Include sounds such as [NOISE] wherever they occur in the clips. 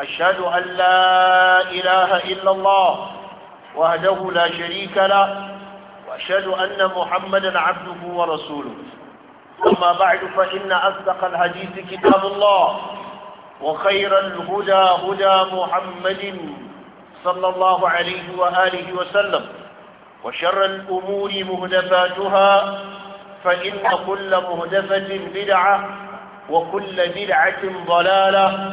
أشهد أن لا إله إلا الله وهده لا شريك له وأشهد أن محمدا عبده ورسوله أما بعد فإن أصدق الحديث كتاب الله وخير الهدى هدى محمد صلى الله عليه وآله وسلم وشر الأمور مهدفاتها فإن كل مهدفة بدعة وكل بدعة ضلالة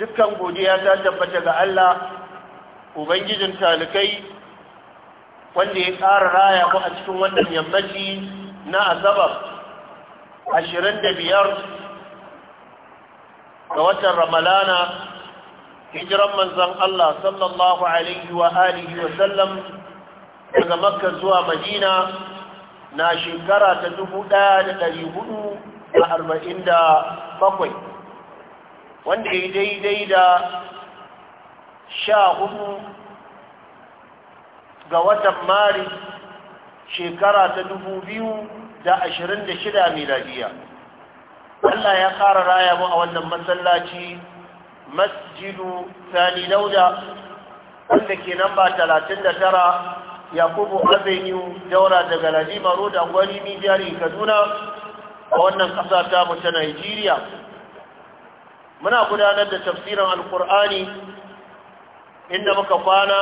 dukkan godiya ta tabbata ga Allah ubangijin talikai wanda ya ƙara raya ku a cikin wannan yammaci na asabar 25 ga watan ramalana hijiran manzon Allah sallallahu alaihi wa alihi wa sallam daga makka zuwa madina na shekara ta 1447 wanda ya yi daidai da sha hudu ga watan maris shekara ta dubu biyu da ashirin da shida miladiya Allah ya kara raya mu a wannan masallaci masjidu sani dauda wanda ke nan ba talatin da tara yakubu avenue daura daga ladima road angwani mijari kaduna a wannan ƙasa ta mu ta nigeria muna gudanar da tafsirin alkur'ani inda muka kwana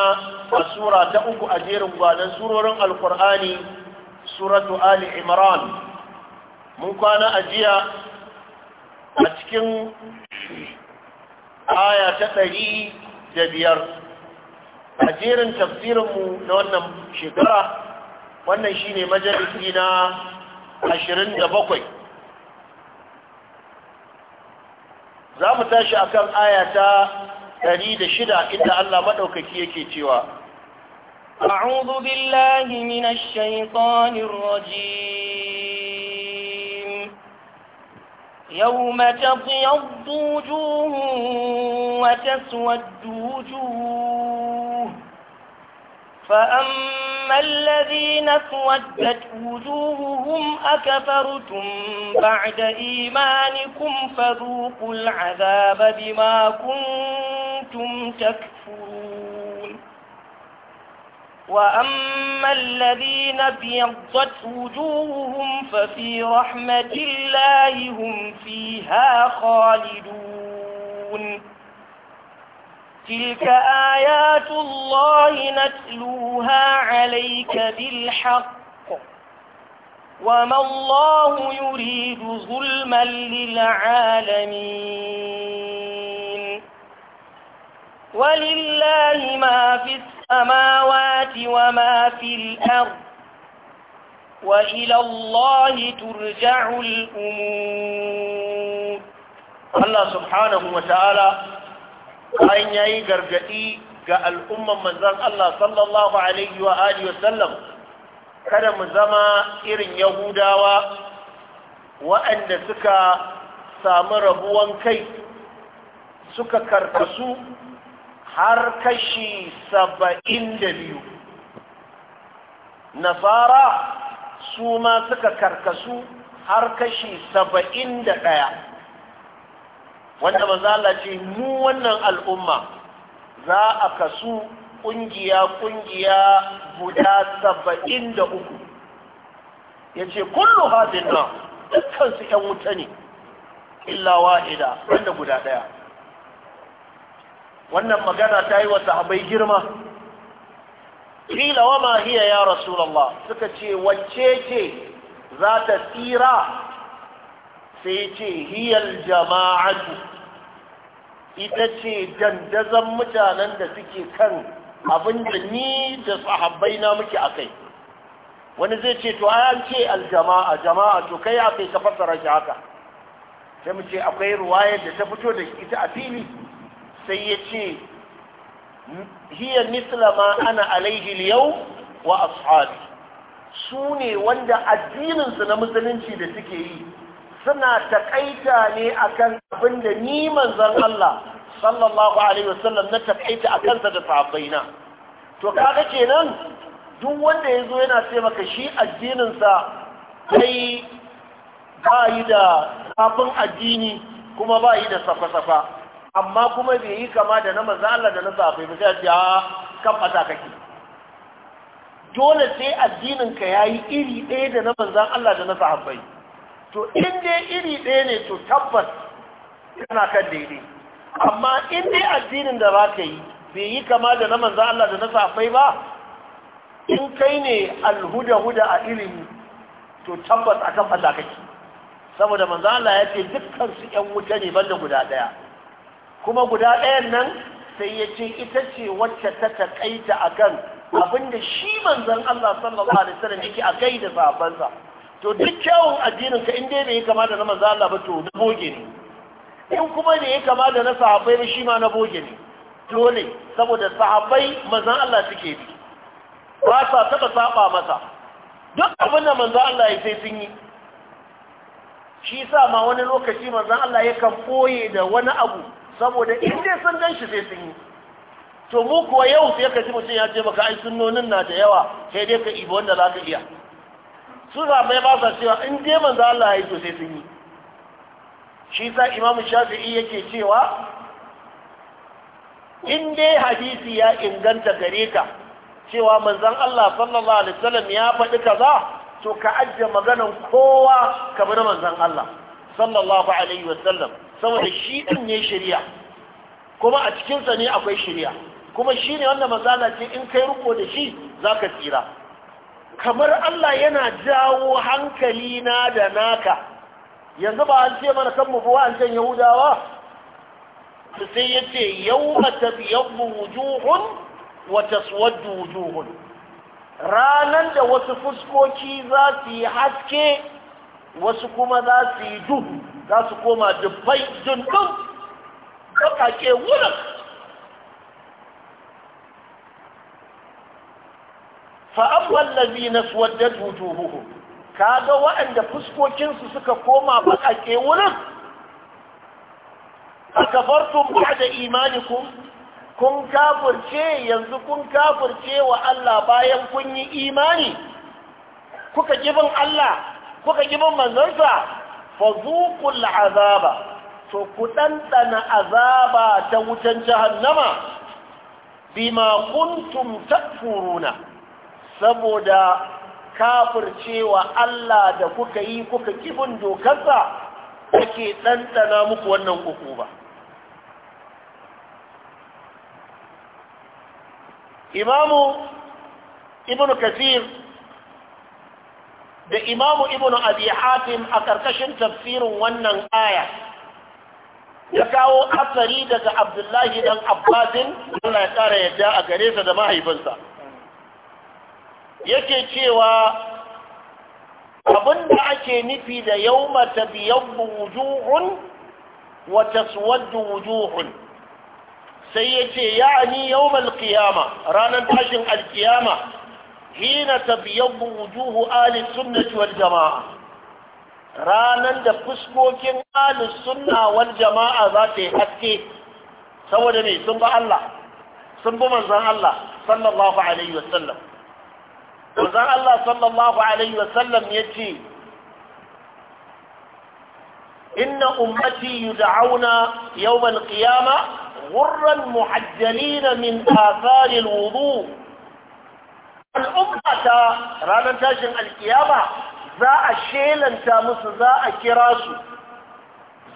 a sura ta uku a jerin gwanon surorin alkur'ani suratu ali imran mun kwana a jiya a cikin aya ta ɗari da biyar a jerin tafsirinmu na wannan shekara wannan shine majalisi na ashirin da bakwai za mu tashi a kan ayata 106 inda Allah maɗaukaki yake cewa ma'udu billahi min shaitanin rajim yau mata fiyan dujuhu wata suwa dujuhu فأما الذين اسودت وجوههم أكفرتم بعد إيمانكم فذوقوا العذاب بما كنتم تكفرون وأما الذين ابيضت وجوههم ففي رحمة الله هم فيها خالدون تلك آيات الله نتلوها عليك بالحق وما الله يريد ظلما للعالمين ولله ما في السماوات وما في الأرض وإلى الله ترجع الأمور الله سبحانه وتعالى bayan ya yi gargaɗi ga al'umman manzan Allah sallallahu Alaihi wa Alihi kada mu zama irin Yahudawa waɗanda suka samu rabuwan kai suka karkasu har kashi saba'in da biyu. Nasara su ma suka karkasu har kashi saba'in da ɗaya. wanda manzo Allah ce mu wannan al'umma za a kasu kungiya kungiya guda saba'in da uku ya ce kullu haɗin nan dukkan ‘yan wuta ne illa wa'ida wanda guda ɗaya wannan magana ta yi wa sahabai girma ƙila wa ma hiya ya rasulallah suka ce wacce ce za ta tsira sai ce hiyar jama'atu ita ce dandazon mutanen da suke kan abin da ni da sahabbai na muke a kai wani zai ce to an ce aljama'a jama'a to kai a kai ka fassara shi haka sai mu ce akwai ruwayar da ta fito da ita a fili sai ya ce hiyar misla ana alaihil yau wa ashabi su ne wanda addininsu na musulunci da suke yi suna taƙaita ne akan abin da ni manzon Allah sallallahu alaihi wasallam na taƙaita a kansa da sahabbaina to kaga kenan duk wanda ya zo yana ce maka shi addininsa kai ba yi da zafin addini kuma ba yi da safa-safa amma kuma bai yi kama da na maza Allah da na safai ba sai a ah, kan fata kake dole sai addininka ya yi iri ɗaya da na manzan Allah da na sahabbai to in dai iri ɗaya ne to tabbas yana kan daidai amma in dai addinin da za ka yi bai yi kama da na manzan Allah da na safai ba in kai ne alhuda-huda a ilimi to tabbas a kan Allah kake saboda manzan Allah ya ce dukkan su ‘yan wuta ne banda guda ɗaya kuma guda ɗayan nan sai ya ce ita ce wacce ta taƙaita a kan abinda shi manzan Allah sallallahu alaihi wasallam yake a kai da sabansa to duk kyawun addinin ka in dai bai kama da na manzo Allah ba to na boge ne in kuma ne ya kama da na sahabbai ba shi ma na boge ne dole saboda sahabbai mazan Allah suke bi ba sa taba saba masa duk abin da manzo Allah ya sai sun yi shi sa ma wani lokaci manzon Allah ya kan koye da wani abu saboda in dai sun gan shi sai sun yi to mu kuwa yau sai ka ji mutum ya ce maka ai sunnonin na da yawa sai dai ka ibo wanda za ka iya su sabai ba sa cewa in je manzo Allah ya yi to sai sun yi shi sa imamu shafi'i yake cewa in dai hadisi ya inganta gare ka cewa manzon Allah sallallahu alaihi wasallam ya faɗi kaza to ka ajiye maganan kowa ka bar manzon Allah sallallahu alaihi wasallam saboda shi din ne shari'a kuma a cikin sa ne akwai shari'a kuma shine wanda manzala ce in kai riko da shi zaka tsira kamar Allah yana jawo hankali na da naka yanzu ba an ce mana kan mu buwa an can yahudawa sai ya ce yau a tabiyan wujuhun wata suwaddu wujuhun ranar da wasu fuskoki za su yi haske wasu kuma za su yi duhu za su koma dubbai dundun bakake wurin فأما الذين اسودت ka kaga waɗanda fuskokinsu suka koma baƙaƙe wurin aka bartun ba da imanikum kun kafirce yanzu kun kafirce wa Allah bayan kun yi imani kuka gibin Allah kuka gibin manzansa fa zuqul azaba to ku ɗanɗana azaba ta wutan jahannama bima kuntum takfuruna saboda kafircewa Allah da kuka yi kuka kibin dokarsa ake ɗanɗana muku wannan uku ba imamu ibn Kathir da imamu ibn abi hatim a ƙarƙashin tafsirin wannan aya ya kawo asari daga abdullahi dan abbasin Allah ya ƙara yadda a gare sa da mahaifinsa yake cewa abinda ake nufi da yawma tabyabbu wujuhun wa taswaddu wujuhun sai yace ya'ni yawmal qiyama ranan tashin alqiyama hina tabyabbu wujuhu ahli sunnati wal jamaa ranan da fuskokin ahli sunna wal jamaa za ta yi haske saboda ne sun ba Allah sun bi manzon Allah sallallahu alaihi wasallam Manzon Allah sallallahu Alaihi wasallam ya ce, Inna ummati yud'auna yawmal qiyama غرا muhajjalina min آثار الوضوء al'umma ta ranar tashin alkiyama za a shelanta musu za a kira su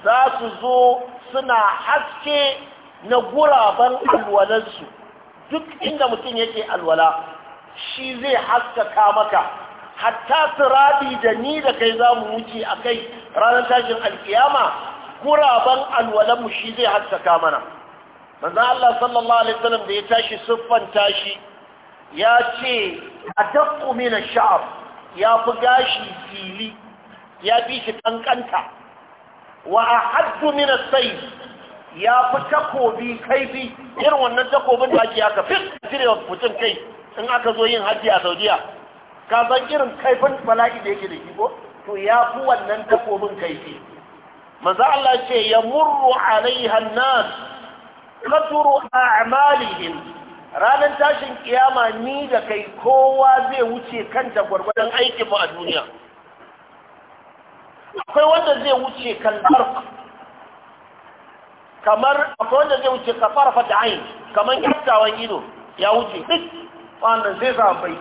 za su zo suna haske na guraben alwalansu duk inda mutum yake alwala shi zai haskaka maka hatta siradi da ni da kai za mu wuce a kai ranar tashin alkiyama guraben alwalanmu shi zai haskaka mana manzan Allah sallallahu Alaihi wasallam da ya tashi siffan tashi ya ce a dakku mina sha'ar ya fi gashi fili ya fi shi kankanta wa a haddu mina sai ya fi takobi kaifi irin wannan takobin da ake haka cire wa mutum kai in aka zo yin hajji a saudiya ka san irin kaifin bala'i da yake da shi ko to ya fi wannan takobin kaifi manzo Allah ce ya murru alaiha an-nas katuru a'malihim ranar tashin kiyama ni da kai kowa zai wuce kanta gwargwadon aikin mu a duniya akwai wanda zai wuce kalbar kamar akwai wanda zai wuce kafarfa da kamar kyaftawan ido ya wuce duk wanda zai zafai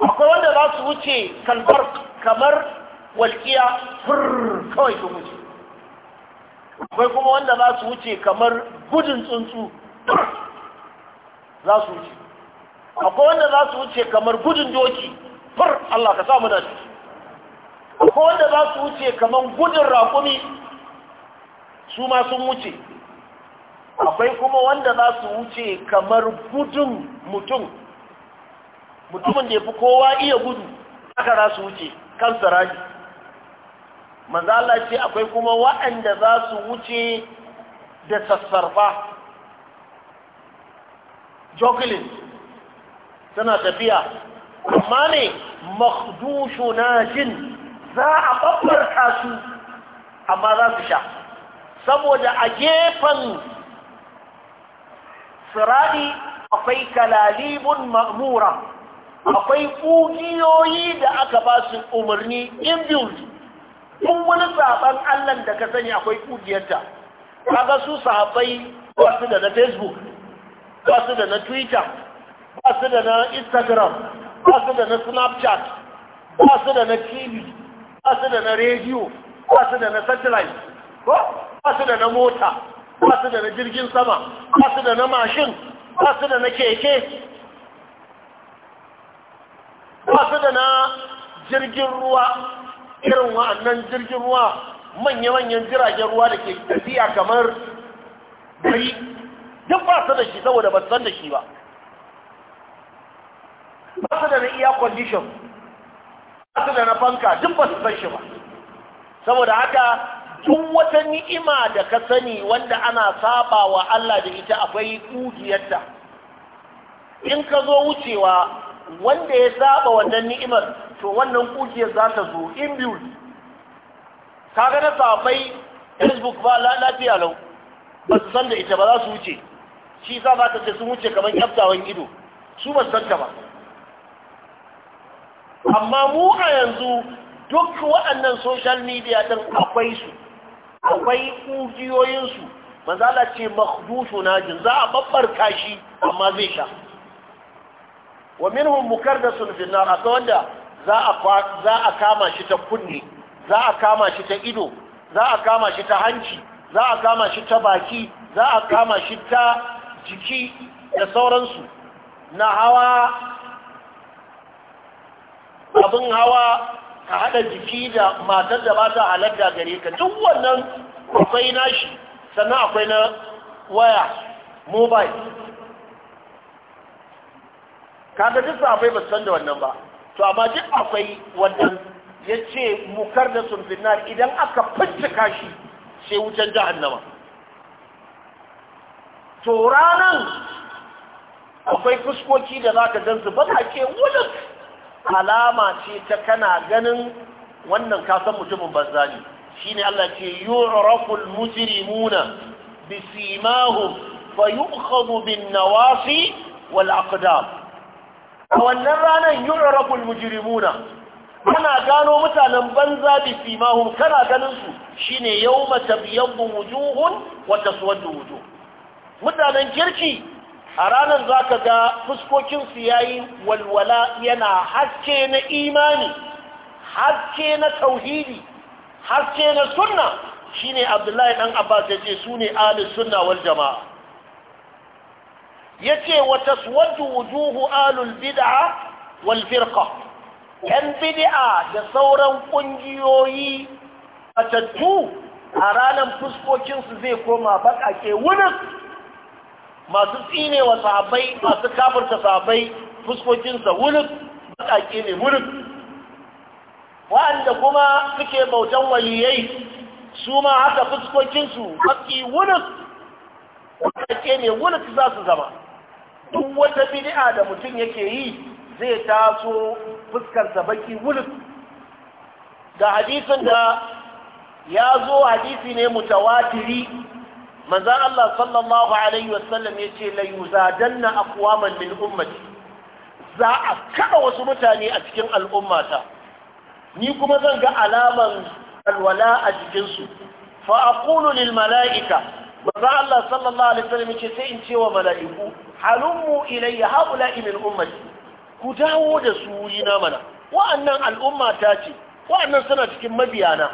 akwai wanda za su wuce kalbar kamar walƙiya fur kawai su wuce akwai kuma wanda za su wuce kamar gudun tsuntsu za su wuce akwai wanda za su wuce kamar gudun doki fur Allah ka samu da shi akwai wanda za su wuce kamar gudun raƙumi su ma sun wuce akwai kuma wanda za su wuce kamar gudun mutum mutumin da ya fi kowa iya gudu aka za su wuce kan sarari manzala ce akwai kuma waɗanda za su wuce da sassarfa joggling suna tafiya amma ne makdushu na jin za a babbar su amma za su sha saboda a gefen sirari akwai kalalibun ma'mura akwai ƙugiyoyi da aka ba su umarni in biyu kun wani saban allan da ka sani akwai ƙugiyarta kaga su sahabbai ba su da na facebook ba su da na twitter ba su da na instagram ba su da na snapchat ba su da na tv ba su da na radio ba su da na satellite ba su da na mota Basu da na jirgin sama basu da na mashin basu da na keke basu da na jirgin ruwa irin wa'annan jirgin ruwa manya-manyan jiragen ruwa da ke tafiya kamar bari duk basu da shi saboda ba san da shi ba Basu da na iya condition basu da na fanka duk basu san shi ba saboda haka tun wata ni'ima da ka sani wanda ana saba wa Allah da ita akwai ƙugiyarta in ka zo wucewa wanda ya saba wannan ni'imar to wannan ƙugiyar za ta zo in biyu ka ga na bai facebook ba lafiya lau ba su san da ita ba za su wuce shi sa ba ta ce sun wuce kamar kyaftawan ido su ba san ta ba amma mu a yanzu duk waɗannan social media ɗin akwai su akwai ƙugiyoyinsu manzo Allah ce makhdusu jin za a babbarka shi amma zai sha wa minhum mukardasun fi nar akwai wanda za a za a kama shi ta kunne za a kama shi ta ido za a kama shi ta hanci za a kama shi ta baki za a kama shi ta jiki da sauransu na hawa abin hawa ka haɗa jiki da matar da ba ta halatta gare ka duk wannan akwai nashi sannan akwai na waya mobile kaga duk safai ba san da wannan ba to amma duk akwai wannan ya ce mukar da sunfinar idan aka fincika shi sai wutan jahannama to ranar akwai fuskoki da za ka su ba ka ke wulik alama ce ta kana ganin wannan kasan mutumin banza ne ne Allah ce yu'raful mujrimuna bisimahum fa yu'khadhu bin nawasi wal aqdam a wannan ranar yu'rafu al mujrimuna kana gano mutanen banza bisimahum kana ganin su shine yawma tabyaddu wujuhun wa taswaddu wujuh mutanen kirki a ranar za ka ga fuskokinsu ya yi walwala yana haske na imani haske na tauhidi haske na sunna shi ne abdullahi ɗan abbas ya ce su ne alis sunna wal jama'a ya ce wata suwatu wujuhu alul bid'a wal firqa ‘yan bid'a da sauran ƙungiyoyi a tattu a ranar fuskokinsu zai koma baƙaƙe wunin masu tsine wa sahabbai masu kafirta sahabbai fuskokinsa wuluk bakake ne wuluk wa'anda kuma suke bautan waliyai su ma haka fuskokinsu baki wuluk bakake ne wuluk za su zama duk wata bid'a da mutum yake yi zai taso fuskarsa baki wuluk ga hadisin da ya zo hadisi ne mutawatiri manzan Allah sallallahu Alaihi wasallam ya ce layuzadan na akwaman min ummati za a kada wasu mutane a cikin al'ummata ni kuma zan ga alaman alwala a jikinsu fa'akulu lil mala'ika manzan Allah sallallahu Alaihi wasallam ya ce sai in ce wa mala'iku halummu ilayya haula'i min ummati ku dawo da su yi na mana wa'annan al'ummata ce wa'annan suna cikin mabiyana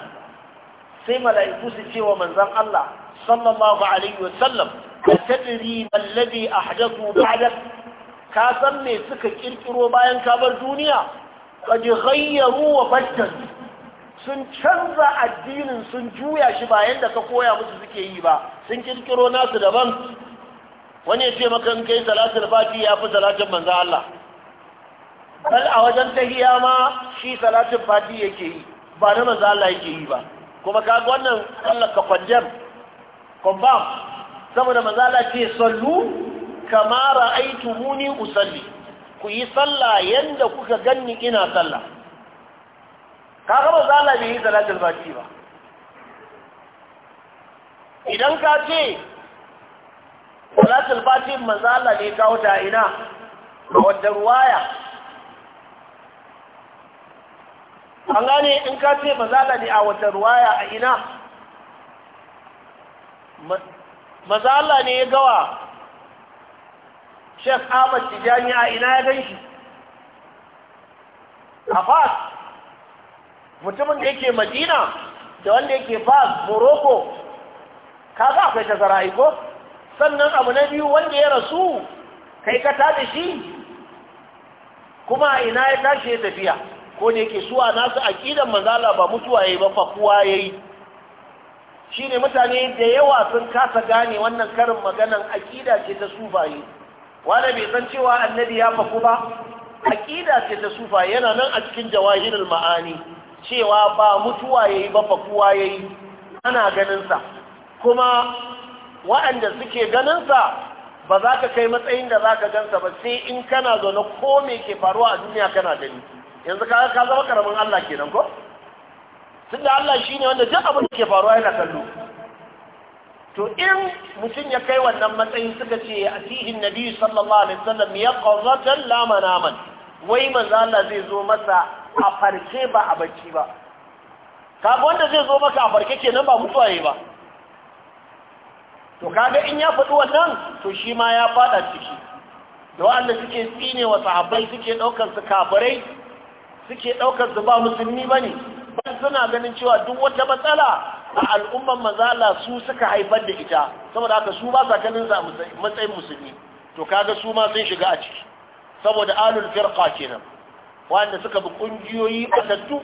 sai mala'iku su ce wa manzan Allah صلى الله عليه وسلم أتدري ما الذي أحدثه بعدك كاسم سكا كيركرو باين كابر دنيا قد غيروا وبدلوا sun canza addinin sun juya shi ba yadda ka koya musu suke yi ba sun kirkiro nasu daban wani ya ce maka in kai salatul fati ya fi salatin manzo Allah bal a wajen tahiya ma shi salatin fati yake yi ba na manzo Allah yake yi ba kuma ka ga wannan Allah ka kwandem confirm saboda mazala ce sallu kama muni usalli ku yi sallah yanda kuka ganni ina sallah kaga mazala bai yi salatul fati ba idan ka ce salatul fati mazala ne kawo ta ina wadda ruwaya an gane in ka ce mazala ne a wadda ruwaya a ina maza Allah ne ya gawa Sheikh Ahmad Tijani a ina ya ganshi a Fas mutumin da yake Madina da wanda yake Fas Morocco ka kaga akwai zara aiko sannan abu na biyu wanda ya rasu kai ka da shi kuma a ina ya tashi ya tafiya ko ne ke suwa nasu aqidan manzala ba mutuwa yayi ba fakuwa yayi shine mutane da yawa sun kasa gane wannan karin maganan akida ce ta sufaye wanda bai san cewa annabi ya faku ba aƙida ce ta sufaye yana nan a cikin jawahirul ma'ani cewa ba mutuwa yayi ba fakuwa yayi ana ganinsa. kuma waɗanda suke ganinsa sa ba za ka kai matsayin da za ka gansa ba sai in kana zaune ko me ke faruwa a duniya kana gani yanzu kaga ka zama karamin Allah kenan ko tun da Allah shi ne wanda duk abin da ke faruwa yana kallo to in mutum ya kai wannan matsayin suka ce a tihin nabi sallallahu alaihi wasallam ya qazatan lamanaman, wai manzo Allah zai zo masa a farke ba a bacci ba kaga wanda zai zo maka a farke kenan ba mutuwa yayi ba to kaga in ya faɗi wannan to shi ma ya fada ciki da wanda suke tsinewa wa sahabbai suke daukar su kafirai suke daukar su ba musulmi bane dan suna ganin cewa duk wata matsala a al'umman mazala su suka haifar da ita saboda aka su ba sa ganin matsayin musulmi to kaga su ma sun shiga a ciki saboda alul firqa kenan wanda suka bi kungiyoyi batattu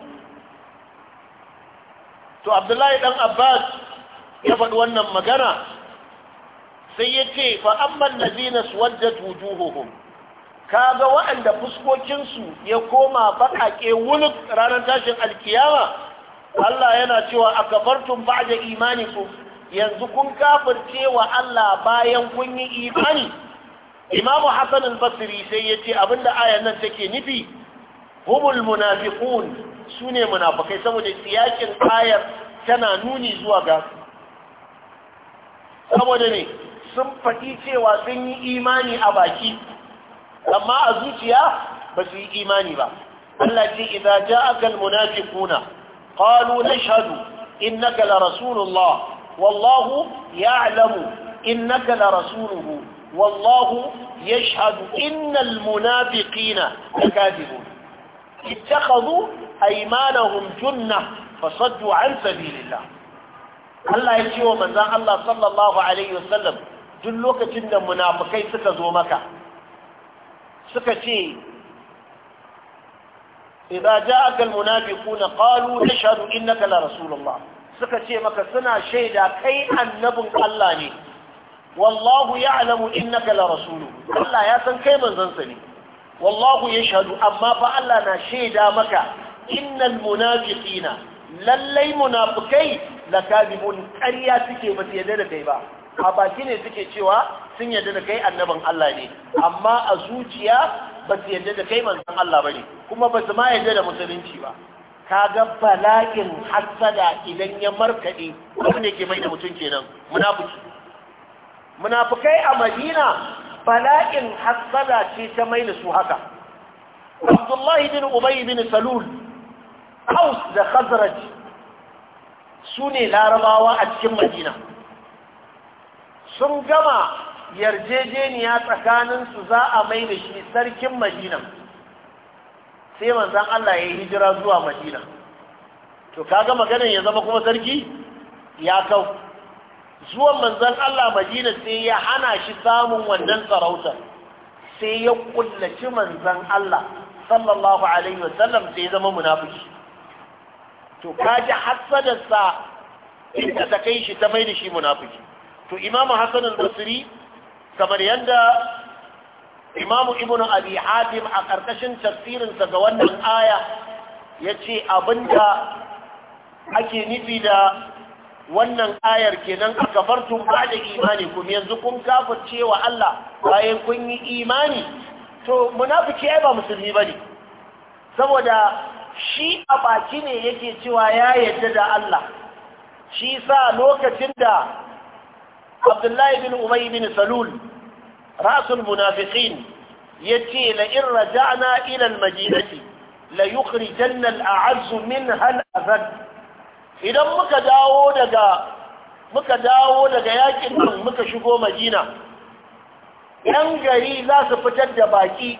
to abdullahi dan abbas ya faɗi wannan magana sai yace fa amman ladina suwaddat wujuhuhum Ka ga waɗanda fuskokinsu ya koma baƙaƙe wuluk ranar tashin alkiyama Allah yana cewa a kafartun ba da imani ku yanzu kun kafirce wa Allah bayan kun yi imani imamu hassan al-basri sai ya ce abinda ayan nan take nufi humul munafiqun su ne saboda siyakin ayar tana nuni zuwa ga saboda ne sun faɗi cewa sun yi imani a baki amma a zuciya ba su yi imani ba Allah ce idza ja'aka almunafiquna qalu nashhadu innaka la rasulullah wallahu ya'lamu innaka la rasuluhu wallahu yashhadu innal munafiqina a ittakhadhu aymanahum junnah fasaddu an sabilillah Allah ya ce wa manzon Allah sallallahu alaihi wasallam duk lokacin da munafukai suka zo maka suka ce idza ja'aka almunafiquna qalu nashhadu innaka la rasulullah suka ce maka suna shaida kai annabin Allah ne wallahu ya'lamu innaka la rasulu Allah ya san kai manzon sa ne wallahu yashhadu amma fa Allah na shaida maka innal munafiqina lallai munafikai lakadibun ƙarya suke ba su yarda da kai ba a baki ne suke cewa sun yarda da kai annabin Allah ne amma a zuciya ba su yarda da kai manzon Allah ba ne kuma ba su ma yarda da musulunci ba kaga bala'in hassada idan ya markaɗe abin da ke mai da mutum kenan munafiki munafikai a madina bala'in hassada ce ta mai da su haka abdullahi bin ubay bin salul aus da khazraj su ne larabawa a cikin madina sun gama yarjejeniya tsakaninsu za a mai shi sarkin madina sai manzan Allah ya yi hijira zuwa madina to kaga maganin ya zama kuma sarki ya kau zuwan manzan Allah madina sai ya hana shi samun wannan sarautar, sai ya kullaci manzan Allah sallallahu alaihi wasallam sai ya zama munafiki to kaji hasadarsa inda ta kai shi ta maida shi munafiki to imamu hasanul basri kamar yadda imamu ibnu abi hatim a karkashin tafsirinsa ga wannan aya ce abinda ake nufi da wannan ayar kenan akafartum ba'da kuma yanzu kun kafirce cewa Allah bayan kun yi imani to munafiki ai ba musulmi bane saboda shi a baki ne yake cewa ya yarda da Allah shi sa lokacin da عبد الله بن أبي بن سلول رأس المنافقين يتي لئن رجعنا إلى المدينة ليخرجن الأعز منها الأفد إذا مكا داو دقا مكا داو دقا ياكن مكا شكو مدينة ينقري لا سفتد باكي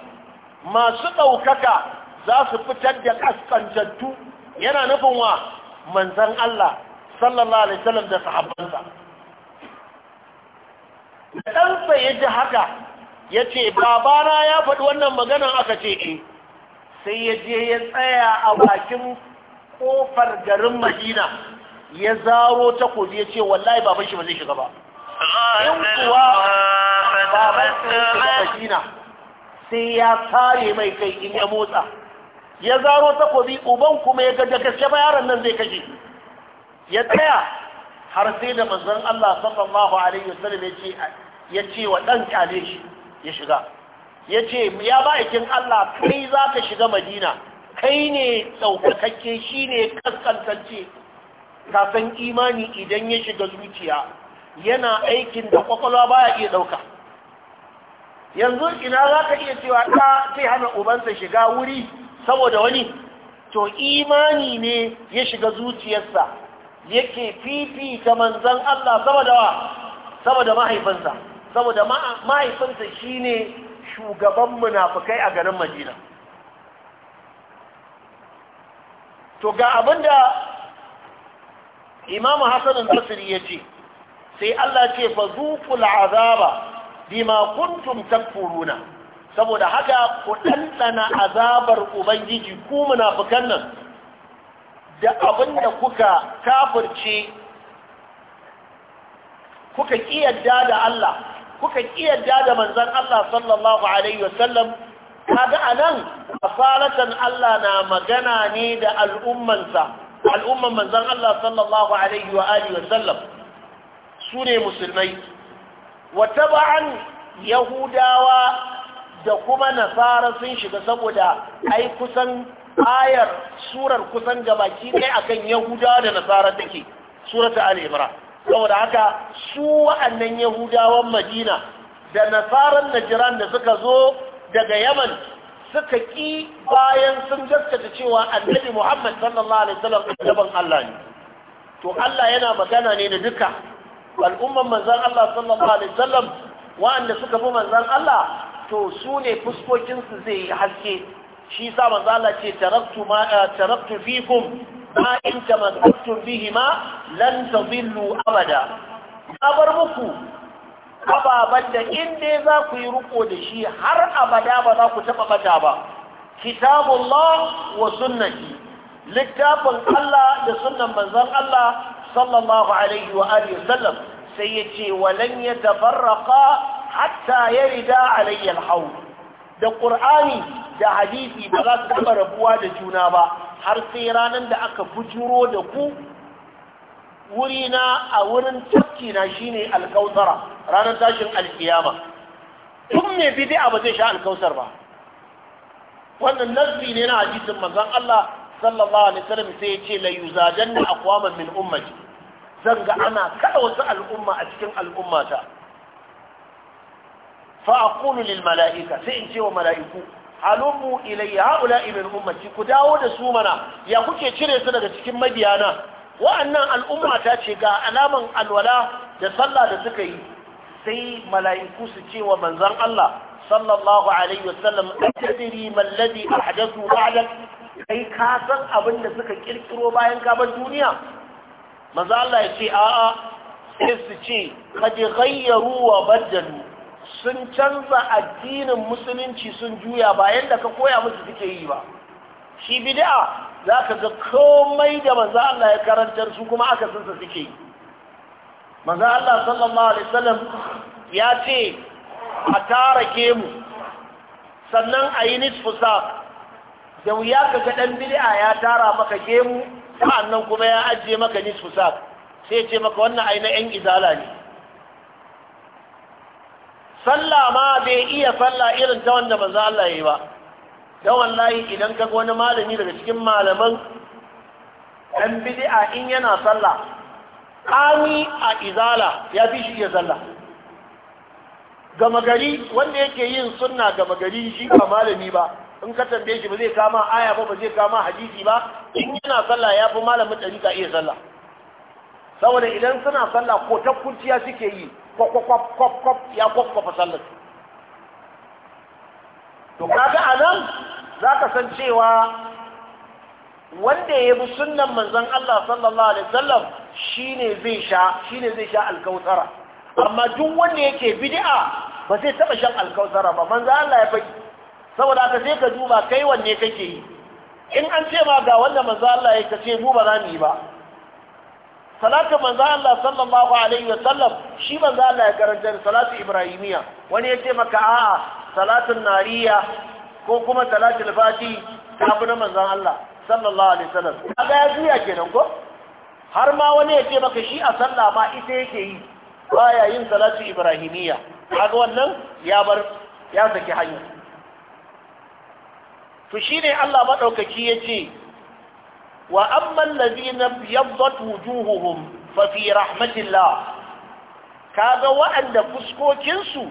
ما سقوا ككا لا سفتد أسقن جدو ينا نفوا منزل الله صلى الله عليه وسلم ده صحابه ɗansa ya ji haka ya ce babana ya faɗi wannan maganan aka ce e sai ya je ya tsaya a bakin ƙofar garin madina ya zaro takobi ya ce wallahi baban shi ba zai shiga ba in kuwa baban shiga sai ya tare mai kai in ya motsa ya zaro takobi uban kuma ya gaja gaske ba yaron nan zai kashe ya tsaya har sai da manzon Allah sallallahu alaihi wasallam ya ce ya ce wa ɗan ƙyale shi ya shiga ya ce ya ba ikin Allah kai za ka shiga madina kai ne ɗaukakakke shi ne kaskantacce kasan imani idan ya shiga zuciya yana aikin da kwakwalwa baya iya ɗauka yanzu ina za ka iya cewa ta ce hana ubansa shiga wuri saboda wani to imani ne ya shiga zuciyarsa yake fifi ta manzan Allah saboda wa saboda mahaifinsa saboda mahaifinsa ne shugaban munafukai a garin madina to ga abinda Imam hassanin tasiri ya ce sai Allah ce fa zuqul azaba bima kuntum takfuruna saboda haka ku ɗanɗana azabar ubangiji ku munafukan nan da abinda kuka kafirce kuka kiyarda da Allah kuka kiyarda da manzan Allah sallallahu alaihi wasallam kaga nan, asalatan Allah na magana ne da al'ummansa al'umman manzan Allah sallallahu alaihi wa alihi wasallam sune musulmai Wata ba'an yahudawa da kuma nasara sun shiga saboda ai kusan ayar surar kusan gabaki ɗaya akan yahudawa da nasara take surata al saboda haka su wa'annan yahudawan madina da nasarar najiran da suka zo daga yaman suka ƙi bayan sun gaskata cewa annabi muhammad sallallahu alaihi wasallam annaban allah ne to allah yana magana ne da duka al'umman manzan allah sallallahu alaihi wasallam wa'anda suka fi manzan allah to su ne fuskokinsu zai yi haske shi sa manzan allah ce taraktu fikum ma in tamassaktum bihima lan tadillu abada bar muku ababan da in dai za ku yi riko da shi har abada ba za ku taɓa bata ba kitabullah wa sunnati littafin Allah da sunnan manzon Allah sallallahu alaihi wa alihi sallam sai yace walan yatafarraqa hatta yarida alayya al Hau. da ƙur'ani da hadisi ba za su taɓa rabuwa da juna ba har sai ranar da aka bujuro da ku wurina a wurin na shine alkautara ranar tashin alkiyama tun mai bid'a ba zai sha alkautar ba wannan nazari ne na hadisin manzon Allah sallallahu alaihi wasallam sai ya ce la yuzadanna aqwaman min ummati zanga ana kada wasu al'umma a cikin al'ummata فأقول للملائكة سئنتي وملائكو halummu ilayya haula ibn ummati ku dawo da su mana ya kuke cire su daga cikin mabiyana wa'annan al'umma ta ce ga alaman alwala da sallah da suka yi sai mala'iku su ce wa manzan Allah sallallahu alaihi wasallam tadri man ahdathu ba'dak kai ka san abin da suka kirkiro bayan ka bar duniya Manzan Allah ya ce a'a sai su ce qad ghayyaru wa badalu sun canza addinin musulunci sun juya bayan da ka koya musu suke yi ba shi bid'a za ka ga komai da maza Allah ya karantar su kuma aka sunsa suke yi maza Allah sallallahu alaihi wasallam ya ce a tara gemu sannan a yi nisfu sa da wuya ka ga dan bid'a ya tara maka gemu sa'annan kuma ya ajiye maka nisfu sa sai ce maka wannan aina yan izala ne sallah ma bai iya sallah irin ta wanda manzo Allah yi ba dan wallahi idan ka wani malami daga cikin malaman dan bid'a in yana sallah ami a izala ya fi shi iya sallah gama gari wanda yake yin sunna gama gari shi ba malami ba in ka tambaye shi ba zai kama aya ba ba zai kama hadisi ba in yana sallah ya fi malamin ɗari ka iya sallah saboda idan suna sallah ko ta suke yi kwakwakwakwak ya kwakwafa sallar to kaga a nan za ka san cewa wanda ya bi sunan manzan Allah sallallahu alaihi wasallam shine zai sha shine zai sha alkautara amma duk wanda yake bid'a ba zai taba shan alkautara ba manzon Allah ya faɗi saboda aka sai ka duba kai wanne kake yi in an ce ma ga wanda manzon Allah ya ce mu ba za mu yi ba salatu manzo Allah sallallahu alaihi wasallam shi manzo Allah ya karanta salatu ibrahimiya wani ya ce maka a'a salatun nariya ko kuma salatul fati ta fi na manzo Allah sallallahu alaihi wasallam kaga ya juya kenan ko har ma wani ya ce maka shi a sallah ma ita yake yi baya yin salatu ibrahimiya kaga wannan ya bar ya saki hanya to shine Allah madaukaki yace wa amman lazina yabbat wujuhuhum fa fi rahmatillah kaga wa'anda fuskokin su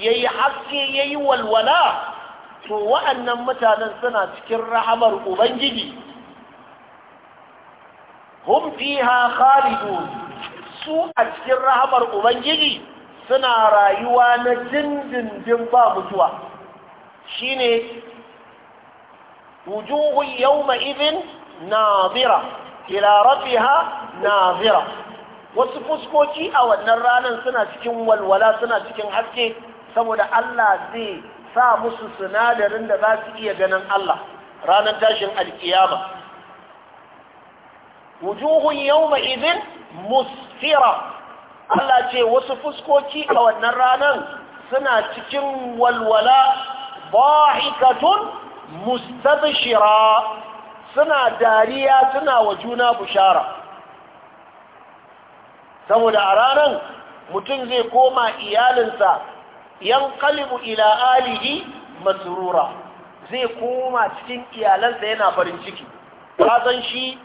yayi haske yayi walwala to wa'annan mutanen suna cikin rahamar ubangiji hum fiha khalidun su a cikin rahamar ubangiji suna rayuwa na dindindin ba mutuwa shine wujuhu yawma izin? nazira ila rabbiha nazira wasu fuskoki a wannan ranar suna cikin walwala suna cikin haske saboda Allah zai sa musu sinadarin da za su iya ganin Allah ranar tashin alkiyama wujuhun ma izin musfira Allah ce wasu fuskoki a wannan ranar suna cikin walwala ba'ikatun mustabshira suna dariya suna wa juna bushara saboda a ranar mutum zai koma iyalinsa yan kalibu ila alihi masurura zai koma cikin iyalansa yana farin ciki ƙasan shi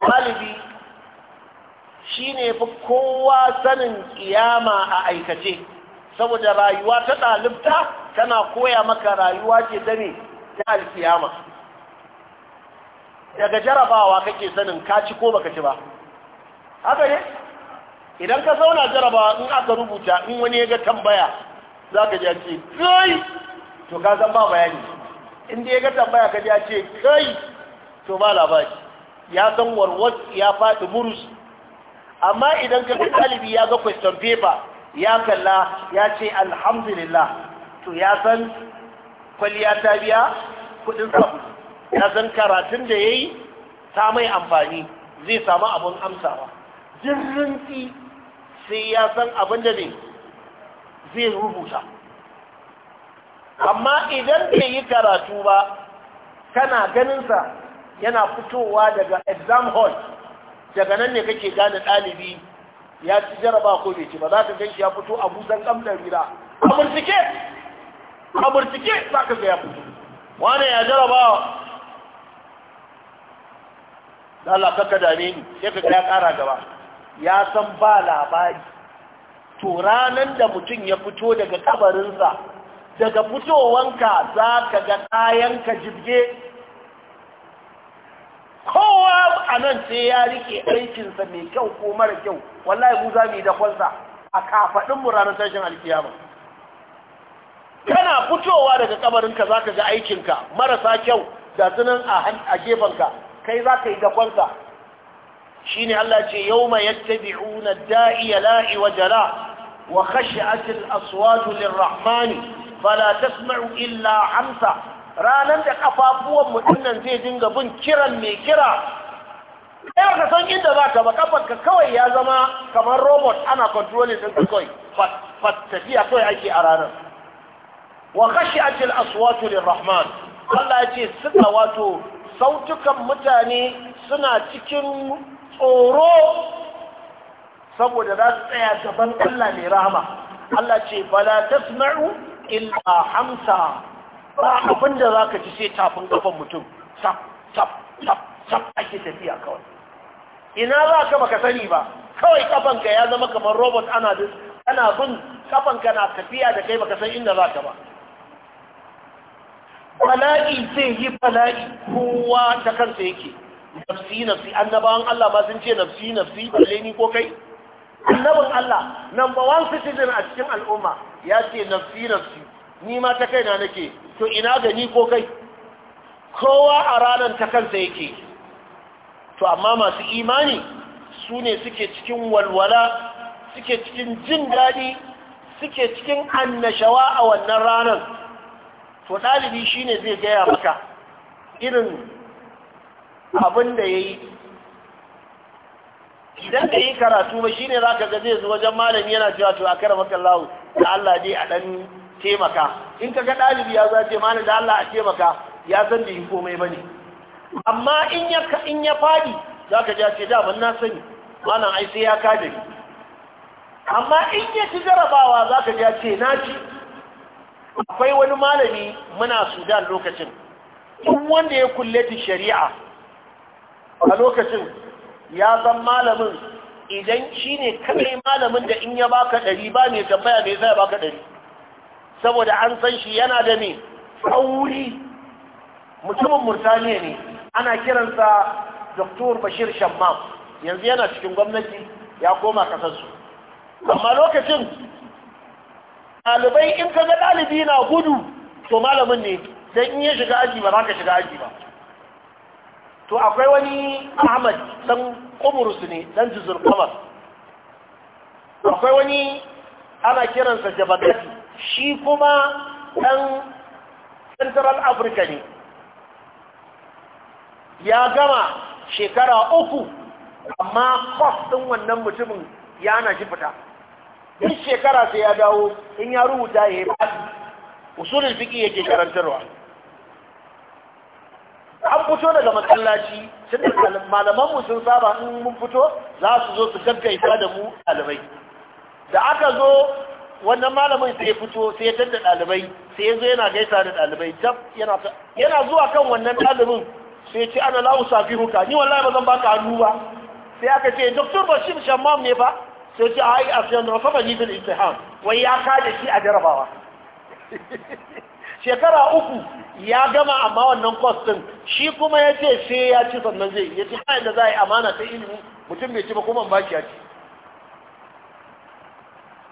galibi shi ne fi kowa sanin kiyama a aikace saboda rayuwa ta ɗalibta tana koya maka rayuwa ce ta ta alkiyama daga jarabawa kake sanin ka ci ko baka ci ba haka ne idan ka zauna jarabawa in aka rubuta in wani ya ga tambaya za ka ji ce kai to ka san ba bayani in da ya ga tambaya ka ji ce kai to ba labari ya san warwas ya faɗi murus amma idan ka ga ɗalibi ya ga question paper ya kalla ya ce alhamdulillah to ya san kwalliya ta biya kuɗin sabu ya san karatun da ya yi ta mai amfani zai samu abin amsawa jirrinki sai ya san abin da ne zai rubuta amma idan bai yi karatu ba kana ganinsa yana fitowa daga exam hall daga nan ne kake gane ɗalibi ya ci jaraba ko bai ci ba za ka gan shi ya fito a busan kamdar gida. a burtike a za ka ya fito wane ya jarabawa da Allah kaka dame ni sai ka ya kara gaba ya san ba labari to ranan da mutum ya fito daga kabarinsa daga fitowanka za ka ga kayanka jibge kowa a nan sai ya rike aikinsa mai kyau ko mara kyau wallahi mu za mu yi dakonsa a kafaɗinmu ranar tashin alkiyama kana fitowa daga kabarinka za ka ga aikinka marasa kyau da sunan a gefenka kai za ka yi dakonsa. shi ne Allah ce yau mai yattabi'una da'iya la'i wa jala wa khashi'atil aswatu lirrahmani fala tasma'u illa amsa ranar da kafafuwan mutum nan zai dinga bin kiran mai kira ɗaya ka san inda za ka ba ka kawai ya zama kamar robot ana controlling ɗin kawai fat tafiya kawai ake a ranar wa khashi'atil aswatu lirrahman Allah ya ce suka wato sautukan mutane suna cikin tsoro saboda za su tsaya gaban Allah mai rahama Allah ce bala tasma'u illa hamsa ba abin da za ka ji sai tafin kafan mutum tap tap tap tap ake tafiya kawai ina za ka baka sani ba kawai kafanka ya zama kamar robot ana bin kafanka na tafiya da kai baka san inda za ka ba fala'i zai yi fala'i kowa ta kansa yake nafsi nafsi annabawan Allah ba sun ce nafsi nafsi balle ni ko kai annabin Allah number one citizen a cikin al'umma ya ce nafsi nafsi ni ma ta kaina nake to ina ga ni ko kai kowa a ranar ta kansa yake to amma masu imani su ne suke cikin walwala suke cikin jin daɗi suke cikin annashawa a wannan ranar to ɗalibi shi ne zai gaya maka irin abin da ya yi idan ka yi karatu ba shi ne za ka ga zai zo wajen malami yana cewa to a kara maka lawo da Allah dai a ɗan taimaka in ka ga ɗalibi ya za ce malami da Allah a taimaka ya san da yi komai ba ne amma in ya faɗi za ka ja ce da ban na sani malam ai sai ya kada amma in ya ci jarabawa za ka ja ce na ci akwai wani malami muna sudan lokacin duk wanda ya kulleti shari'a a lokacin ya san malamin idan shi ne kadai malamin da in ya baka ɗari ba mai tambaya mai zai baka ɗari saboda an san shi yana da ne tsauri mutumin murtaniya ne ana kiransa dr bashir shammam yanzu yana cikin gwamnati ya koma kasarsu amma lokacin ɗalibai in ka ga ɗalibi na gudu to malamin ne don in ya shiga aji ba za ka shiga aji ba to akwai wani ahmad ɗan ƙumursu ne ɗan jizul kamar akwai wani ana kiransa jabadati shi kuma ɗan central africa ne ya gama shekara uku amma kwas ɗin wannan mutumin ya na shi fita duk shekara sai ya dawo in ya rubuta ya yi usulul fiqi yake karantarwa an fito daga masallaci sun malaman mu sun saba in mun fito za su zo su gaggaita da mu ɗalibai da aka zo wannan malamin sai fito sai ya tadda ɗalibai sai ya zo yana gaisa da ɗalibai yana zuwa kan wannan ɗalibin sai ce ana lahu safi huka ni wallahi ba zan baka hannu ba sai aka ce doktor bashir shammam ne fa sai ce ai a fiye na fafa nifin istiham wai ya kada shi a jarabawa [LAUGHS] shekara uku ya gama amma wannan kwas ɗin shi kuma ya ce sai ya ci sannan zai ya ci bayan da za a yi amana ta ilimi mutum mai ci ba kuma ba shi ya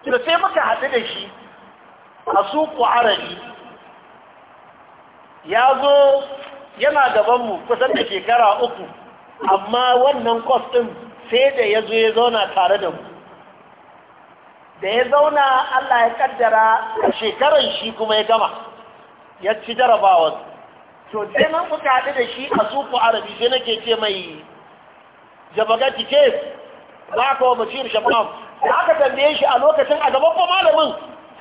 ci da sai muka haɗu da shi a su arabi ya zo yana gabanmu kusan da shekara uku amma wannan kwas ɗin sai da ya zo ya zauna tare da mu da ya zauna Allah ya kaddara a shekaran shi kuma ya gama ya ci jarabawar to sai nan muka haɗu da shi a sufu arabi sai nake ce mai jabagati ke ba ka wa bashir shabam da aka tambaye shi a lokacin a gaban kuma malamin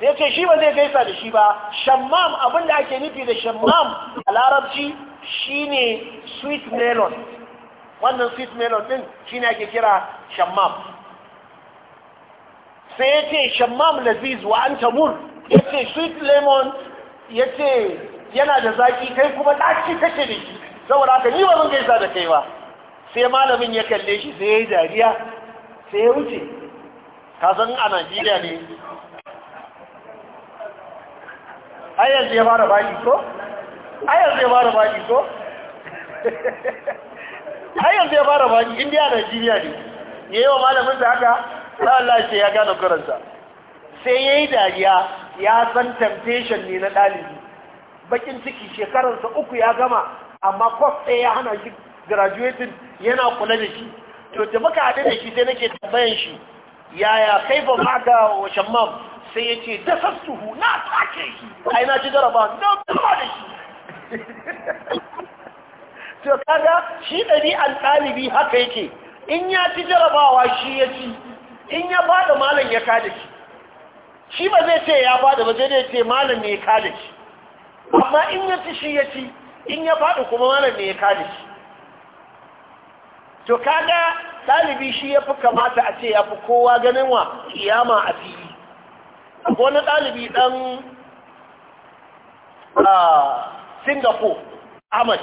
sai ce shi ba zai gaisa da shi ba shammam abin da ake nufi da shammam a larabci shi ne sweet melon wannan sweet melon din ne ake kira shammam sai ya ce shammam laziz wa an tamur ya ce sweet lemon ya ce yana da zaki kai kuma ɗaci kashe da shi saboda haka ni ba zan gaisa da kai ba sai malamin ya kalle shi sai ya yi dariya sai ya wuce ka san a najeriya ne ai yanzu ya fara baki ko ai yanzu ya fara baki ko [LAUGHS] ai zai fara baki indiya najeriya ne ya yi wa malamin da haka Allah shi ya gane karanta sai ya yi dariya ya san temptation ne na dalibi bakin ciki shekararsa uku ya gama amma kwas ɗaya ya hana shi graduating yana kula da shi to da muka haɗu da shi sai nake tambayan shi yaya kaifa ma ga shammam sai ya ce da sassuhu na take shi ai na ci jaraba na kuma da shi [LAUGHS] to kaga shi ɗari an ɗalibi haka yake in ya ci jarabawa shi ya ci in ya bada malam ya kada shi shi ba zai ce ya bada ba zai dai ce malam ne ya kada shi amma in ya ci shi ya ci in ya bada kuma malam ne ya kada shi to kada ɗalibi shi ya fi kamata a ce ya fi kowa ganin wa kiyama a fili wani ɗalibi ɗan singapore ahmad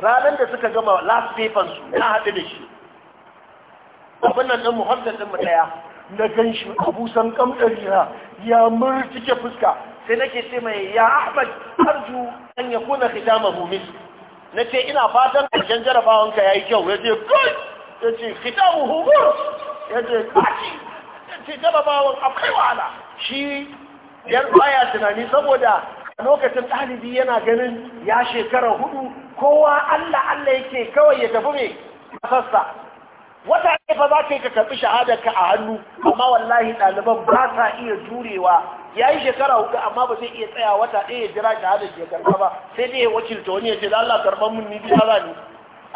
ranar da suka gama last paper su na haɗu da shi abin nan mu hamdan din mu daya na gan shi abusan kamdarina ya murtike fuska sai nake ce mai ya ahmad arju an ya kuna khitamahu Na nace ina fatan karshen jarabawanka yi kyau yace kai yace khitamuhu mur yace kaci yace jarabawan akwai wahala shi yan baya tunani saboda a lokacin ɗalibi yana ganin ya shekara hudu kowa Allah Allah yake kawai ya tafi mai kasarsa wata ne fa za ka yi ka karɓi shahadarka a hannu amma wallahi ɗaliban ba sa iya jurewa ya yi shekara hudu amma ba zai iya tsaya wata ɗaya ya jira shahadar ke karɓa ba sai dai ya wakilta wani ya ce da Allah karɓar mun ni biya za ni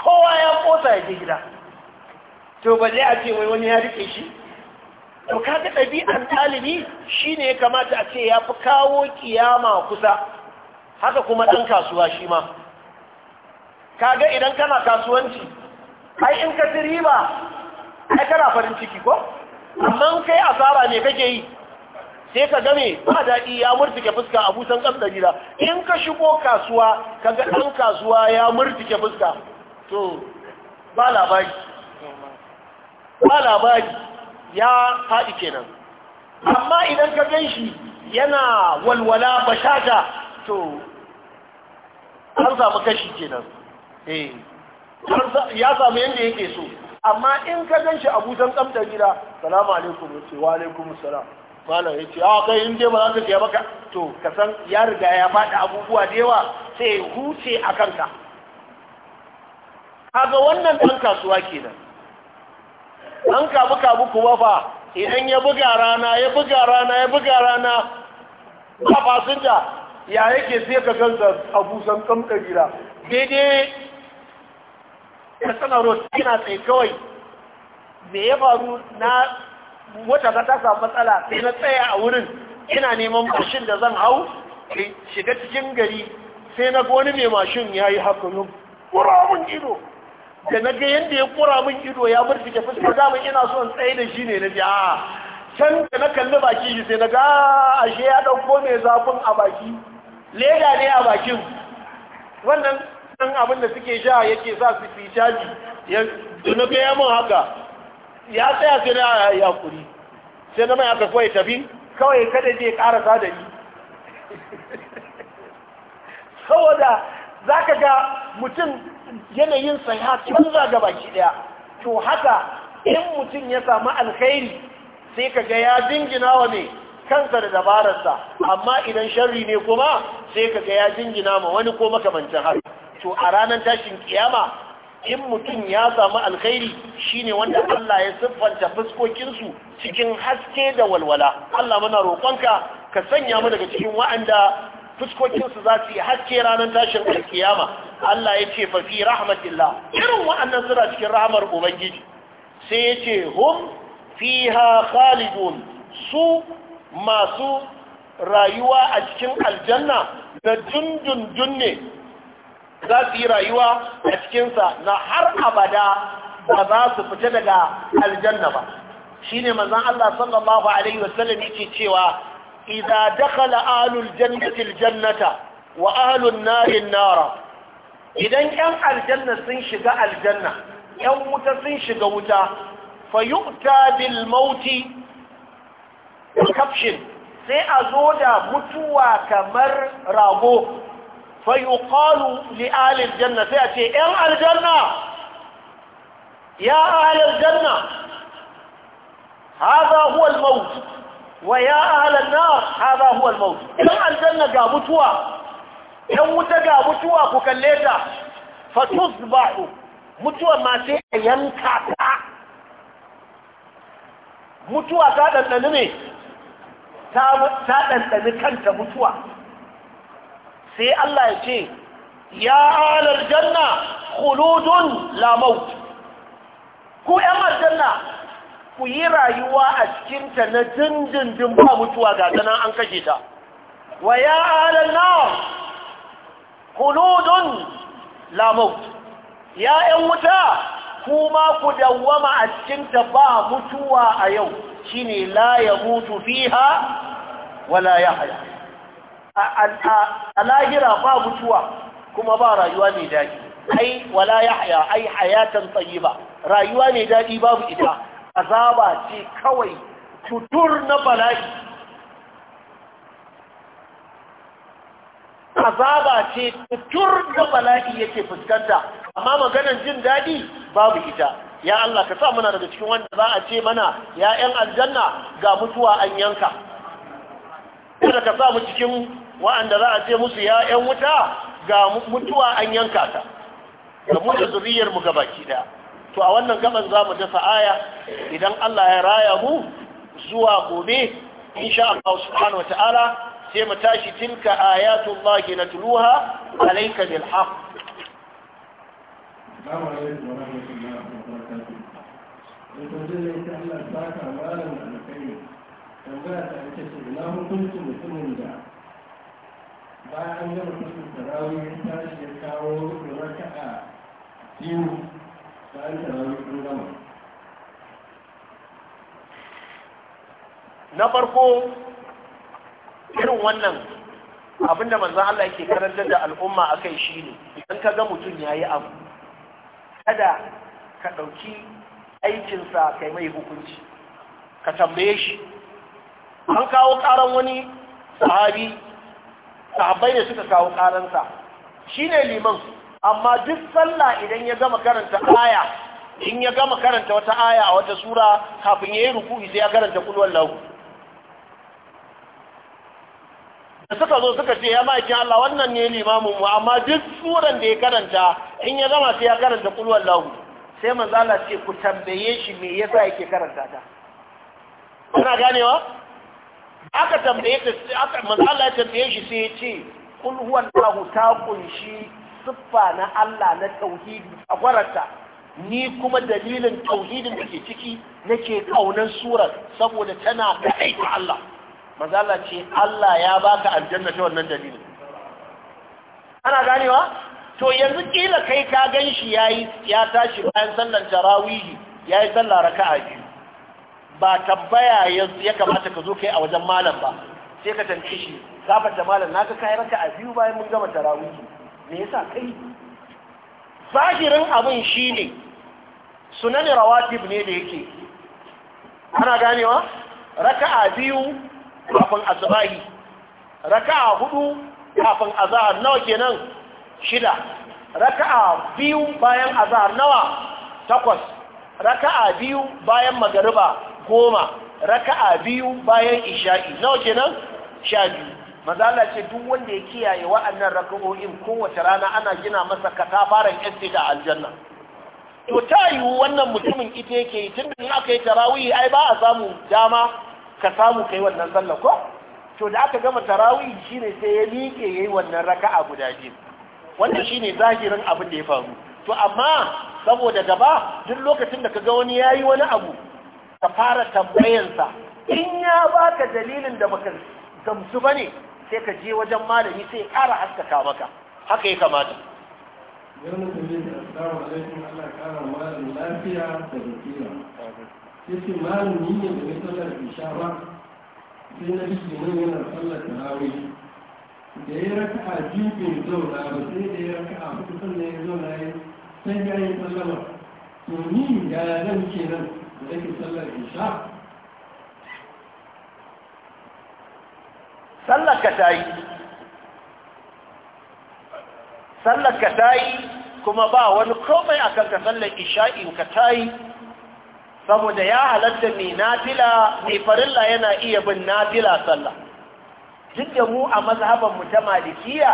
kowa ya ƙosa ya je gida to ba zai a ce wai wani ya rike shi to kaga ɗabi'an ɗalibi shine ya kamata a ce ya fi kawo kiyama kusa haka kuma ɗan kasuwa shi ma kaga idan kana kasuwanci ai in ka ji riba ai kana farin ciki ko amma kai asara ne kake yi sai ka game ba daɗi ya murtuke fuska a busan ƙasa gida in ka shigo kasuwa ka ga ɗan kasuwa ya murtuke fuska to ba labari ba labari ya faɗi kenan amma idan ka gan shi yana walwala bashata to an samu kashi kenan eh ya samu yadda yake so amma in ka gan shi a busan kamtar gida salamu alaikum yace wa alaikum salam malam yace a kai in dai ba za ka kai baka to ka san ya riga ya faɗi abubuwa da yawa sai huce a kanka kaga wannan dan kasuwa kenan dan kabu kabu kuma fa idan ya buga rana ya buga rana ya buga rana ba fasinja ya yake sai ka gansa a busan kamtar gida daidai ka sana ina tsaye kawai me ya faru na wata ba ta samu matsala sai na tsaya a wurin ina neman mashin da zan hau shiga cikin gari sai na ga wani mai mashin ya yi hakunin kura mun ido da na ga yadda ya kura mun ido ya murfike fuska dama ina son tsaye da shi ne na ji ah. can da na kalli baki shi sai na ga ah, ashe ya ɗauko mai zafin a baki leda ne a bakin wannan wannan abin da suke sha yake sa su fi caji da na gaya min haka ya tsaya sai na ya hakuri sai na mai aka kawai tafi kawai kada je sa da ni [LAUGHS] saboda za ka ga mutum yanayin ya canza ga baki daya to haka in mutum ya samu alkhairi sai ka ga ya jingina wa ne kansa da dabararsa amma idan sharri ne kuma sai ka ga ya jingina ma wani ko makamancin haka to a ranar tashin kiyama in mutum ya samu alkhairi shine wanda Allah ya siffanta fuskokinsu cikin haske da walwala Allah muna roƙonka ka sanya mu daga cikin wa'anda fuskokinsu za su yi haske ranar tashin ƙiyama. Allah ya ce fafi rahmatillah irin wa'annan suna cikin rahmar ubangiji sai ya ce hum fiha khalidun su masu rayuwa a cikin aljanna da dundundun ne za su yi rayuwa a cikinsa na har abada ba za su fita daga aljanna ba shi ne manzan Allah sallallahu Alaihi wasallam yake cewa idza dakhala ahlul jannati aljannata wa ahlun nari nara idan yan aljanna sun shiga aljanna yan wuta sun shiga wuta fayu'ta bil mauti kafshin sai a zo da mutuwa kamar rago fayyukalu li'alil janna sai a ce ‘yan aljanna ya ahalar janna haza huwal maut wa ya ahalar na haza huwal maut ‘yan aljanna ga mutuwa ‘yan wuta ga mutuwa ku kalle ta fatus ba’u mutuwa ma sai a yanka ta mutuwa ta ɗanɗani ne ta ɗanɗani kanta mutuwa sai Allah ya ce ya alal janna khuludun ku ƴan aljanna ku yi rayuwa a cikin na dindindin ba mutuwa ga ganan an kashe ta wa ya alal nar khuludun ya ƴan wuta kuma ku dawwama a cikin ba mutuwa a yau shine la yamutu fiha wala yahya a lahira ba mutuwa kuma ba rayuwa mai daɗi ai wala yahya ai hayatan tayyiba rayuwa mai daɗi babu ita azaba ce kawai tutur na bala'i azaba ce tutur na bala'i yake fuskanta amma maganar jin daɗi babu ita ya Allah ka sa muna daga cikin wanda za a ce mana ya 'yan aljanna ga mutuwa an yanka kada ka samu cikin wa'anda za a ce musu ya'yan wuta ga mutuwa an yanka ta da mu da zuriyar mu gabaki daya to a wannan gaban za mu dasa aya idan Allah ya raya mu zuwa gobe insha Allah subhanahu sai mu tashi tilka ayatullahi natluha alayka bil haqq Assalamu alaikum Allah ta da ta ce bayan gama tarawi ya tashi ya kawo raka a biyu bayan tarawi gama na farko irin wannan abinda manzan Allah ke karantar da al'umma a kai shi ne idan ka ga mutum ya yi abu kada ka ɗauki aikinsa kai mai hukunci ka tambaye shi an kawo ƙaran wani sahabi sahabbai ne suka kawo karansa ne liman amma duk sallah idan ya gama karanta aya in ya gama karanta wata aya a wata sura kafin ya yi ruku'i sai ya karanta kulwan lahu da suka zo suka ce ya ma'aikin Allah wannan ne limamin mu amma duk suran da ya karanta in ya gama sai ya karanta kulwan lahu sai manzala ce ku tambaye shi me yasa yake karanta ta kuna ganewa aka tambaye ta aka manzo Allah ya tambaye shi sai ya ce kul huwa Allahu ta kunshi siffa na Allah na tauhidi a gwararta ni kuma dalilin tauhidin da ke ciki nake kaunan surar saboda tana kaɗaita Allah manzo Allah ce Allah ya baka aljanna ta wannan dalilin ana ganewa to yanzu kila kai ka ganshi yayi ya tashi bayan sallar tarawihi yayi sallar raka'a biyu ba tambaya ya kamata ka zo kai a wajen malam ba sai ka tanke shi da malam ka kai raka a biyu bayan mun gama tarawihi me yasa kai zahirin abin shine sunan rawatib ne da yake ana ganewa a biyu kafin Raka a hudu kafin azhar nawa kenan shida Raka a biyu bayan azhar nawa takwas Raka a biyu bayan magariba goma raka'a biyu bayan isha'i nawa kenan sha biyu mazala ce duk wanda ya kiyaye wa'annan raka'o'in kowace rana ana gina masa katafaren yadda a aljanna to ta yiwu wannan mutumin ita yake yi tun da aka yi tarawih ai ba a samu dama ka samu kai wannan sallah ko to da aka gama tarawih shine sai ya miƙe yayi wannan raka'a guda biyu wannan shine zahirin abin da ya faru to amma saboda gaba duk lokacin da ka ga wani yayi wani abu ka fara tambayansa in ya baka dalilin da baka gamsu ba ne sai ka je wajen malami sai ƙara haskaka maka haka ya kamata yana da ne da assalamu alaikum Allah malam lafiya da basira yace malami ne da ya sallar isha ba sai na biki mun yana sallar tarawih da ya raka a bai zauna ba sai da ya raka a hudu sannan ya zauna ya sai ya yi sallama to ni ya zan nan. sallar ka ta yi kuma ba wani komai a kanka sallar isha'in ka ta yi saboda ya halatta mai nafila mai farilla yana iya bin nafila sallah duk da mu a mazhaban mu ta malikiya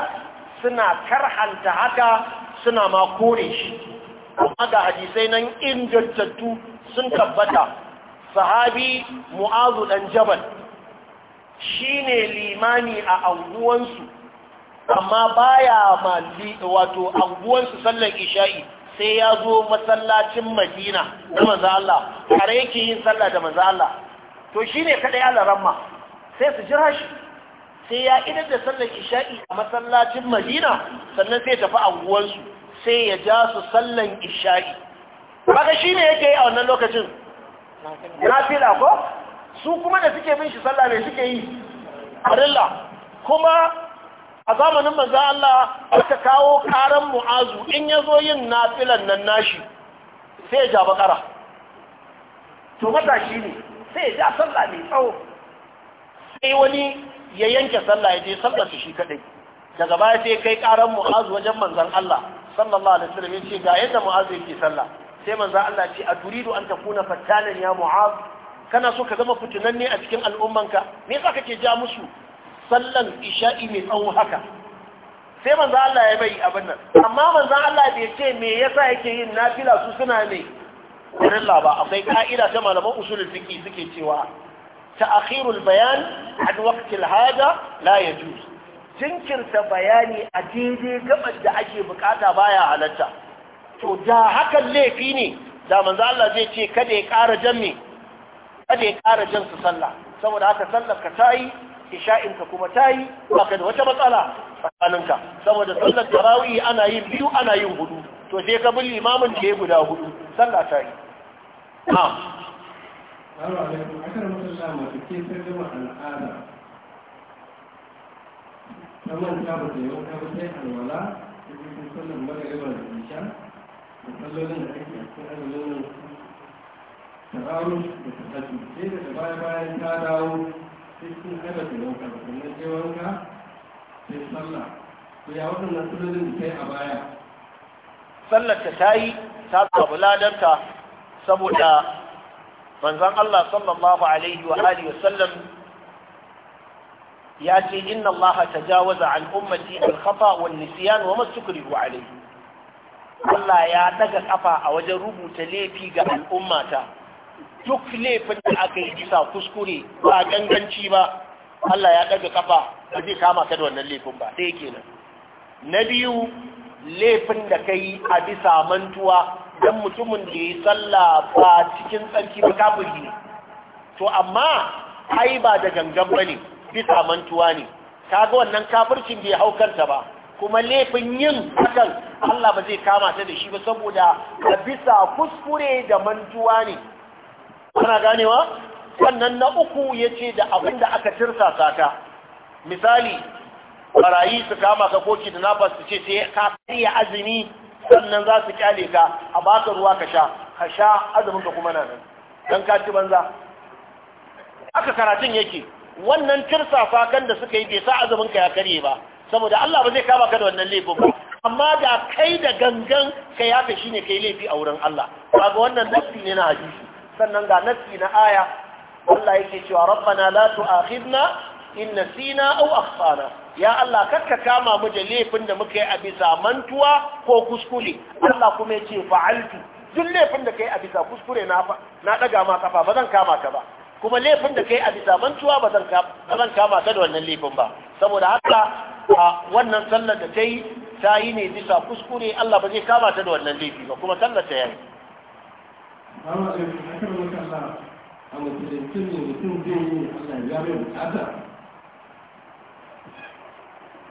suna karhanta haka suna ma kore shi Kuma ga hadisai nan in ingantattu sun tabbata sahabi mu'azu dan jabal shine limani a anguwansu amma baya ma wato anguwansu sallar isha'i sai ya zo masallacin madina da manzo Allah tare yake yin sallah da manzo Allah to shine kada ya laramma sai su jira shi sai ya idar da sallar isha'i a masallacin madina sannan sai tafi anguwansu sai ya ja su sallan isha'i baka shi ne yake yi a wannan lokacin Na nafila ko su kuma da suke bin shi sallah ne suke yi farilla kuma a zamanin maza Allah aka kawo karan mu'azu in ya zo yin na filan nan nashi sai ya ja bakara to shi ne sai ya ja sallah mai tsawo sai wani ya yanke sallah ya je sallar shi kadai daga baya sai kai karan mu'azu wajen manzan Allah sallallahu alaihi wasallam ya ce ga yadda mu'azu yake sallah sai manzo Allah ce a turidu an takuna fattanan ya mu'az kana so ka zama ne a cikin al'ummanka me yasa kake ja musu sallan isha'i mai tsawo haka sai manzo Allah ya bai abin nan amma manzo Allah bai ce me yasa yake yin nafila su suna ne kurilla ba akwai ka'ida ta malaman usulul fiqi suke cewa ta'khirul bayan an waqtil hada la yajuz jinkirta bayani a daidai gabar da ake bukata baya halatta to da hakan laifi ne da manzo Allah zai ce kada ya ƙara jan kada ya ƙara jan su sallah saboda haka sallar ka tayi isha'in ka kuma tayi ka da wata matsala tsakaninka saboda sallar tarawih ana yin biyu ana yin hudu to sai ka bin imamin da ya guda hudu sallah tayi na'am Assalamu alaikum. Akan mutunta masu ke sirrin al'ada ta manta ba ta yi wata wata alwala ta cikin sallan magariba da isha matsalolin da ake da ta da ta dawo sai sun da wanka wanka ya da a baya sallar ta tayi ta saboda manzon Allah sallallahu alaihi wa alihi wa sallam ya ce inna Allah tajawaza al'ummati ummati al-khata wal nisyan wa ma alayhi Allah ya daga kafa a wajen rubuta laifi ga al'ummata duk laifin da aka yi bisa kuskure ba ganganci ba Allah ya daga kafa ba zai kama ka da wannan laifin ba sai kenan na biyu laifin da ka yi a bisa mantuwa don mutumin da ya yi sallah ba cikin tsarki ba kafin ne to amma ai ba da gangan ba ne bisa mantuwa ne kaga wannan kafircin bai haukanta ba kuma laifin yin hakan Allah ba zai kama ta da shi ba saboda a bisa kuskure da mantuwa ne ana ganewa sannan na uku ya ce da abin da aka tirsasa ta misali barayi su kama ka koki da nafas su ce sai ka karya azumi sannan za su kyale ka a baka ruwa ka sha ka sha azumin ka kuma nan don ka ci banza aka karatun yake wannan tirsasa kan da suka yi bai sa azumin ka ya karye ba saboda Allah ba zai kama ka da wannan laifin ba amma da kai da gangan ka yafe ne kai laifi a wurin Allah ga wannan nasi ne na hadisi sannan ga nasi na aya Allah yake cewa rabbana la tu'akhidna in nasina aw akhtana ya Allah ka kama mu da laifin da muka yi a bisa mantuwa ko kuskure Allah kuma yace fa'altu duk laifin da kai a bisa kuskure na na daga ma kafa ba zan kama ka ba kuma laifin da kai a bisa mantuwa ba zan kama ka da wannan laifin ba saboda haka A wannan sallar da ta yi ta yi ne bisa kuskure Allah ba zai kama ta da wannan laifi ba kuma sallar ta eh, yi.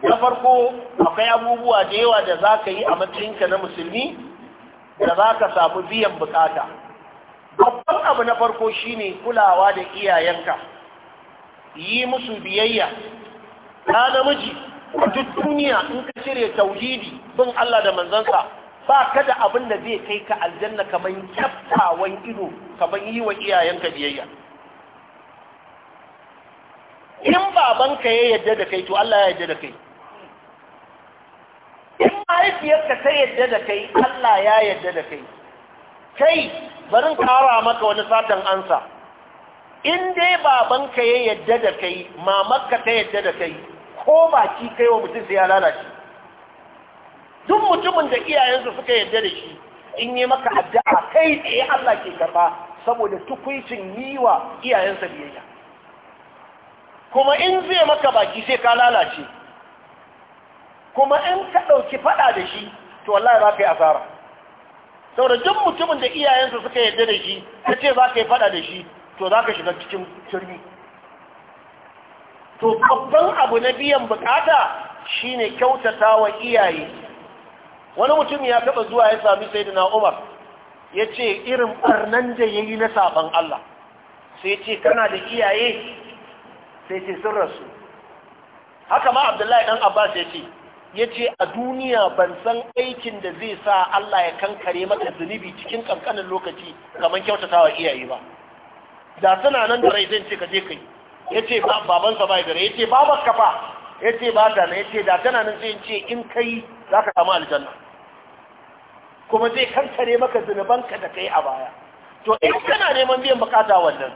na farko akwai abubuwa da yawa da za ka yi a matsayinka na musulmi da za ka samu biyan bukata babban abu na farko shine kulawa da iyayenka yi musu biyayya na namiji duk duniya in ka shirya tauhidi bin Allah da manzansa ba ka da abin da zai kai ka aljanna kamar kyaftawan ido kamar yi wa iyayenka biyayya in babanka ya yadda da kai to Allah ya yadda da kai in mahaifiyarka ta yadda da kai Allah ya yadda da kai kai barin kara maka wani satan ansa in dai babanka ya yadda da kai mamarka ta yadda da kai ko baki kai wa mutum sai ya lalace duk mutumin da iyayensu suka yarda da shi in yi maka addu'a kai tsaye Allah ke karba saboda tukuicin yi wa iyayensa biyayya kuma in zai maka baki sai ka lalace kuma in ka ɗauki faɗa da shi to wallahi za ka yi asara saboda duk mutumin da iyayensa suka yarda da shi ka ce za ka yi faɗa da shi to za ka shiga cikin turmi to babban abu na biyan bukata shine kyautata wa iyaye wani mutum ya taba zuwa ya sami sai da Umar ce irin barnan da ya yi na saban Allah sai ce kana da iyaye sai ce sun rasu haka ma Abdullahi dan Abbas ya ce a duniya ban san aikin da zai sa Allah ya kankare maka zunubi cikin kankanin lokaci kamar kyautata wa iyaye ba da suna nan da rai zan ce ka je kai ya ce babansa ba dare ya ce babar fa ya ce ba ta na ya ce da tana nan sai in ce in kai za ka samu aljanna kuma zai kankare maka zunubanka da kai a baya to in kana neman biyan bukata wannan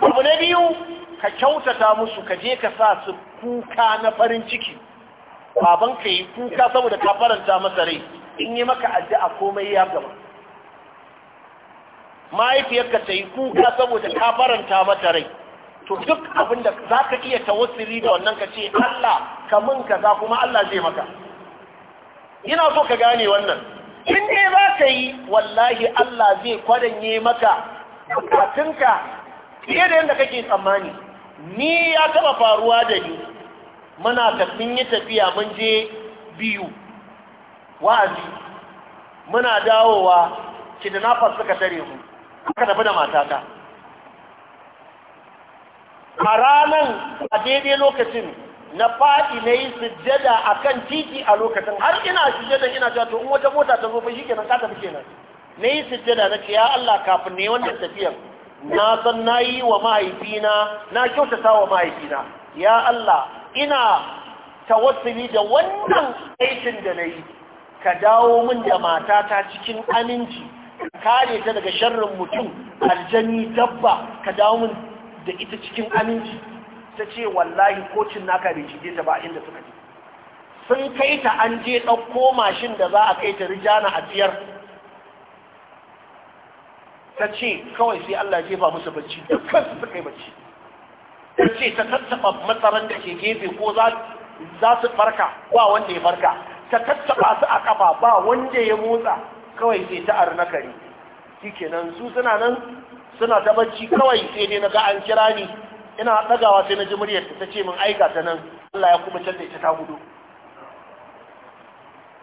abu na biyu ka kyautata musu ka je ka sa su kuka na farin ciki baban ka yi kuka saboda ka faranta masa rai in yi maka addu'a komai ya gaba mahaifiyarka ta yi kuka saboda ka faranta mata rai to duk abin da za ka iya tawassuli da wannan ka ce Allah ka mun kuma Allah zai maka ina so ka gane wannan in ne za ka yi wallahi Allah zai kwadanye maka bukatunka fiye da yadda kake tsammani ni ya taba faruwa da ni muna tafin yi tafiya mun je biyu wa'azi muna dawowa kidnappers suka tare mu aka tafi da matata a ranar a daidai lokacin na faɗi na yi sujjada a kan titi a lokacin har ina sujjada ina cewa to in wata mota ta zo fa shikenan ka tafi kenan na yi sujjada na ce ya Allah kafin ne wannan tafiyar na san na yi wa mahaifina na kyautata wa mahaifina ya Allah ina tawassuli da wannan aikin da na yi ka dawo min da matata cikin aminci kare ta daga sharrin mutum aljani dabba ka dawo min da ita cikin aminci ta ce wallahi kocin naka bai cije ta ba inda suka je sun kai ta an je ɗauko mashin da za a kai ta rijana a tsiyar ta ce kawai sai Allah jefa musu bacci dukkan su suka yi bacci ta ce ta tattaɓa matsaran da ke gefe ko za su farka ba wanda ya farka ta tattaɓa su a kafa ba wanda ya motsa kawai sai ta arna kare shikenan su suna nan suna ta bacci kawai sai dai naga an kira ni ina dagawa sai na ji muryar ta ce min aika ta nan Allah ya kuma canza ita ta gudu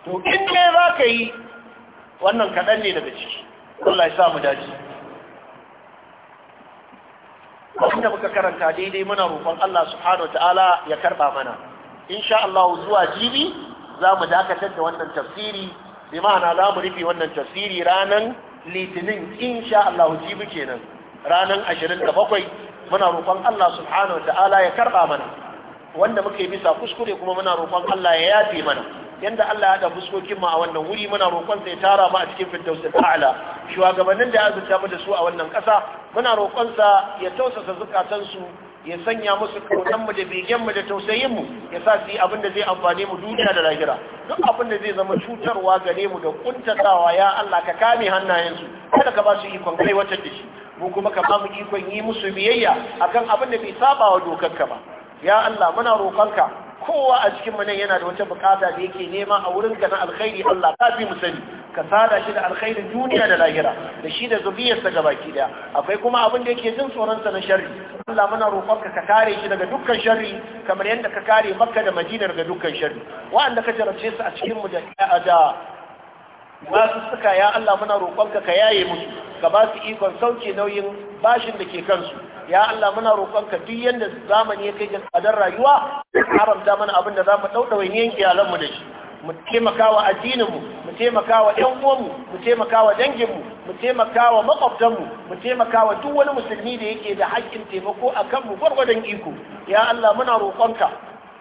to in dai za ka yi wannan kaɗan ne daga ciki Allah ya sa mu dace abinda muka karanta daidai muna roƙon Allah subhanahu wataala ya karɓa mana insha Allah zuwa jibi za mu dakatar da wannan tafsiri bi ma'ana za mu rufe wannan tafsiri ranan litinin insha Allah jibi kenan ranar 27 muna roƙon Allah subhanahu wa ta'ala ya karɓa mana wanda muka bisa kuskure kuma muna roƙon Allah ya yafe mana yanda Allah ya da fuskokin mu a wannan wuri muna roƙon ya tara mu a cikin firdausul a'la shugabannin da azurta mu da su a wannan ƙasa muna roƙon sa ya tausasa zukatan ya sanya musu mu da begenmu da tausayinmu ya sa su yi abin da zai amfane mu duniya da lahira duk abin da zai zama cutarwa gare mu da kuntatawa ya Allah ka kame hannayensu kada ka ba su ikon kai wata da shi mu kuma ka ba mu ikon yi musu biyayya akan abin da bai saba wa ka ba ya Allah muna roƙonka kowa a cikin mu nan yana da wata bukata da yake nema a wurinka na alkhairi Allah ka fi mu sani ka sada shi da alkhairin duniya da lahira da shi da ga baki daya akwai kuma abin da yake jin tsoron sa na sharri Allah muna roƙonka ka kare shi daga dukkan sharri kamar yadda ka kare Makka da Madina daga dukkan sharri wa'anda ka jarabce su a cikin mu da ba su suka ya Allah muna roƙonka ka yaye musu ka ba su ikon sauke nauyin bashin da ke kansu ya Allah muna roƙonka duk yanda zamani ya kai ga tsadar rayuwa haramta mana abin da za mu ɗauɗawa yin iyalanmu da shi mu taimaka wa addininmu mu taimaka wa ɗan uwanmu mu taimaka wa danginmu mu taimaka wa makwabtanmu mu taimaka wa duk wani musulmi da yake da haƙƙin taimako a kanmu gwargwadon iko ya Allah muna roƙonka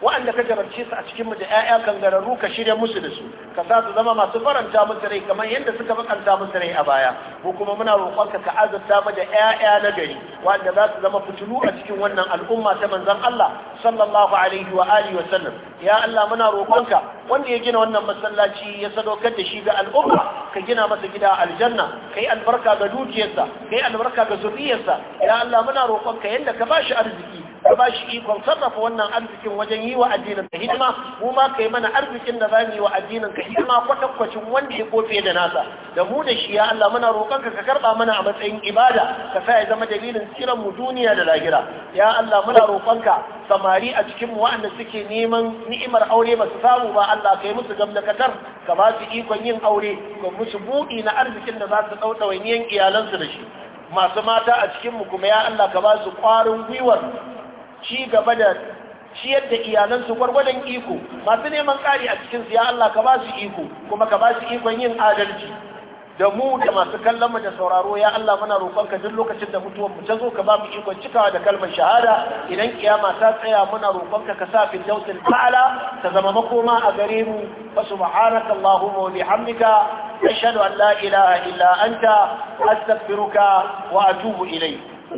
wa'anda ka jarabce su a cikin mu da ƴaƴa kangararru ka shirya musu da su ka sa su zama masu faranta musu rai kamar yadda suka bakanta musu rai a baya ko kuma muna roƙonka ka azurta mu da ƴaƴa na gari wa'anda za su zama fitilu a cikin wannan al'umma ta manzon Allah sallallahu alaihi wa alihi wa sallam ya Allah muna roƙonka wanda ya gina wannan masallaci ya sadaukar da shi ga al'umma ka gina masa gida aljanna kai albarka ga dukiyarsa kai albarka ga zuriyarsa ya Allah muna roƙon ka yanda ka bashi arziki ka bashi ikon sarrafa wannan arzikin wajen yi wa addinin ka hidima mu ma kai mana arzikin da zamu yi wa addinin ka hidima kwatankwacin wanda ya kofe da nasa da mu da shi ya Allah muna roƙon ka ka karba mana a matsayin ibada ka sa ya zama dalilin tsiran mu duniya da lahira ya Allah muna roƙon ka samari a cikin mu waɗanda suke neman ni'imar aure ba su samu ba Allah kai musu gamlakatar ka ba su ikon yin aure ga musu buɗi na arzikin da za su ɗauɗa waniyan iyalansu da shi masu mata a cikin mu kuma ya Allah ka ba su ƙwarin gwiwar ci gaba da ciyar da iyalansu gwargwadon iko masu neman ƙari a cikin su ya Allah ka ba su iko kuma ka ba su ikon yin adalci da mu da masu kallon mu da sauraro ya Allah muna roƙonka duk lokacin da mutuwar mu ta zo ka ba mu ikon cikawa da kalmar shahada idan kiyama ta tsaya muna rokonka ka sa fil jawsil ta'ala ta zama makoma a gare mu wa subhanaka allahumma wa bihamdika ashhadu an la ilaha illa anta astaghfiruka wa atubu ilayk